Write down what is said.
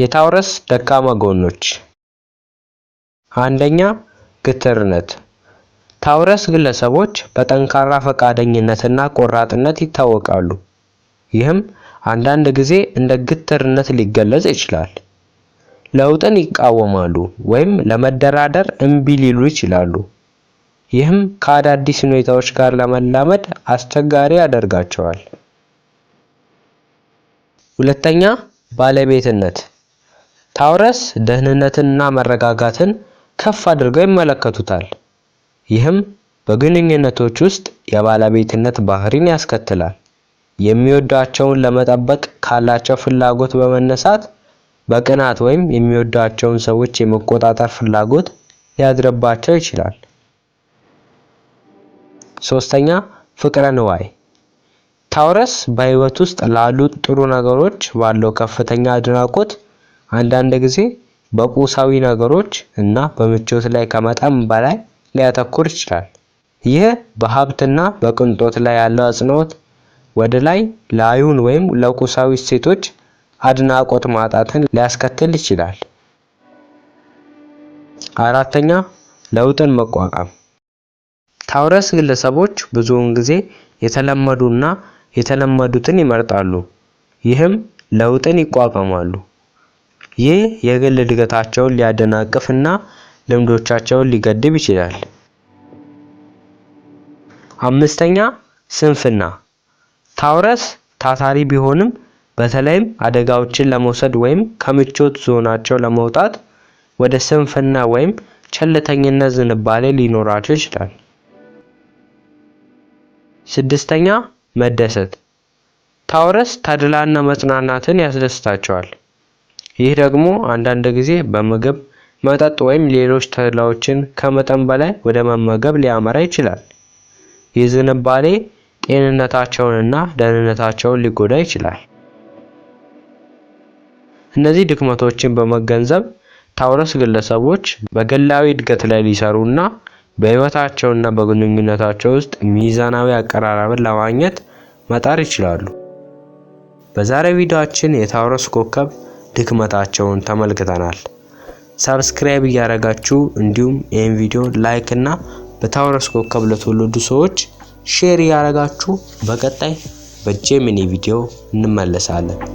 የታውረስ ደካማ ጎኖች፦ አንደኛ፣ ግትርነት። ታውረስ ግለሰቦች በጠንካራ ፈቃደኝነትና ቆራጥነት ይታወቃሉ፣ ይህም አንዳንድ ጊዜ እንደ ግትርነት ሊገለጽ ይችላል። ለውጥን ይቃወማሉ ወይም ለመደራደር እምቢ ሊሉ ይችላሉ፣ ይህም ከአዳዲስ ሁኔታዎች ጋር ለመላመድ አስቸጋሪ ያደርጋቸዋል። ሁለተኛ፣ ባለቤትነት ታውረስ ደህንነትንና መረጋጋትን ከፍ አድርገው ይመለከቱታል። ይህም በግንኙነቶች ውስጥ የባለቤትነት ባህሪን ያስከትላል። የሚወዷቸውን ለመጠበቅ ካላቸው ፍላጎት በመነሳት በቅናት ወይም የሚወዷቸውን ሰዎች የመቆጣጠር ፍላጎት ሊያድርባቸው ይችላል። ሶስተኛ ፍቅረ ንዋይ ታውረስ በህይወት ውስጥ ላሉ ጥሩ ነገሮች ባለው ከፍተኛ አድናቆት አንዳንድ ጊዜ በቁሳዊ ነገሮች እና በምቾት ላይ ከመጠን በላይ ሊያተኩር ይችላል። ይህ በሀብትና በቅንጦት ላይ ያለው አጽንዖት ወደ ላይ ላዩን ወይም ለቁሳዊ እሴቶች አድናቆት ማጣትን ሊያስከትል ይችላል። አራተኛ ለውጥን መቋቋም። ታውረስ ግለሰቦች ብዙውን ጊዜ የተለመዱና የተለመዱትን ይመርጣሉ፣ ይህም ለውጥን ይቋቋማሉ። ይህ የግል እድገታቸውን ሊያደናቅፍ እና ልምዶቻቸውን ሊገድብ ይችላል። አምስተኛ ስንፍና ታውረስ ታታሪ ቢሆንም በተለይም አደጋዎችን ለመውሰድ ወይም ከምቾት ዞናቸው ለመውጣት ወደ ስንፍና ወይም ቸልተኝነት ዝንባሌ ሊኖራቸው ይችላል። ስድስተኛ መደሰት ታውረስ ተድላና መጽናናትን ያስደስታቸዋል። ይህ ደግሞ አንዳንድ ጊዜ በምግብ፣ መጠጥ ወይም ሌሎች ተላዎችን ከመጠን በላይ ወደ መመገብ ሊያመራ ይችላል። ይህ ዝንባሌ ጤንነታቸውንና ደህንነታቸውን ሊጎዳ ይችላል። እነዚህ ድክመቶችን በመገንዘብ ታውረስ ግለሰቦች በግላዊ እድገት ላይ ሊሰሩና በህይወታቸውና በግንኙነታቸው ውስጥ ሚዛናዊ አቀራረብን ለማግኘት መጣር ይችላሉ። በዛሬው ቪዲዮአችን የታውረስ ኮከብ ድክመታቸውን ተመልክተናል። ሳብስክራይብ እያደረጋችሁ እንዲሁም ይህን ቪዲዮ ላይክ እና በታውረስ ኮከብ ለተወለዱ ሰዎች ሼር እያደረጋችሁ በቀጣይ በጄሚኒ ቪዲዮ እንመለሳለን።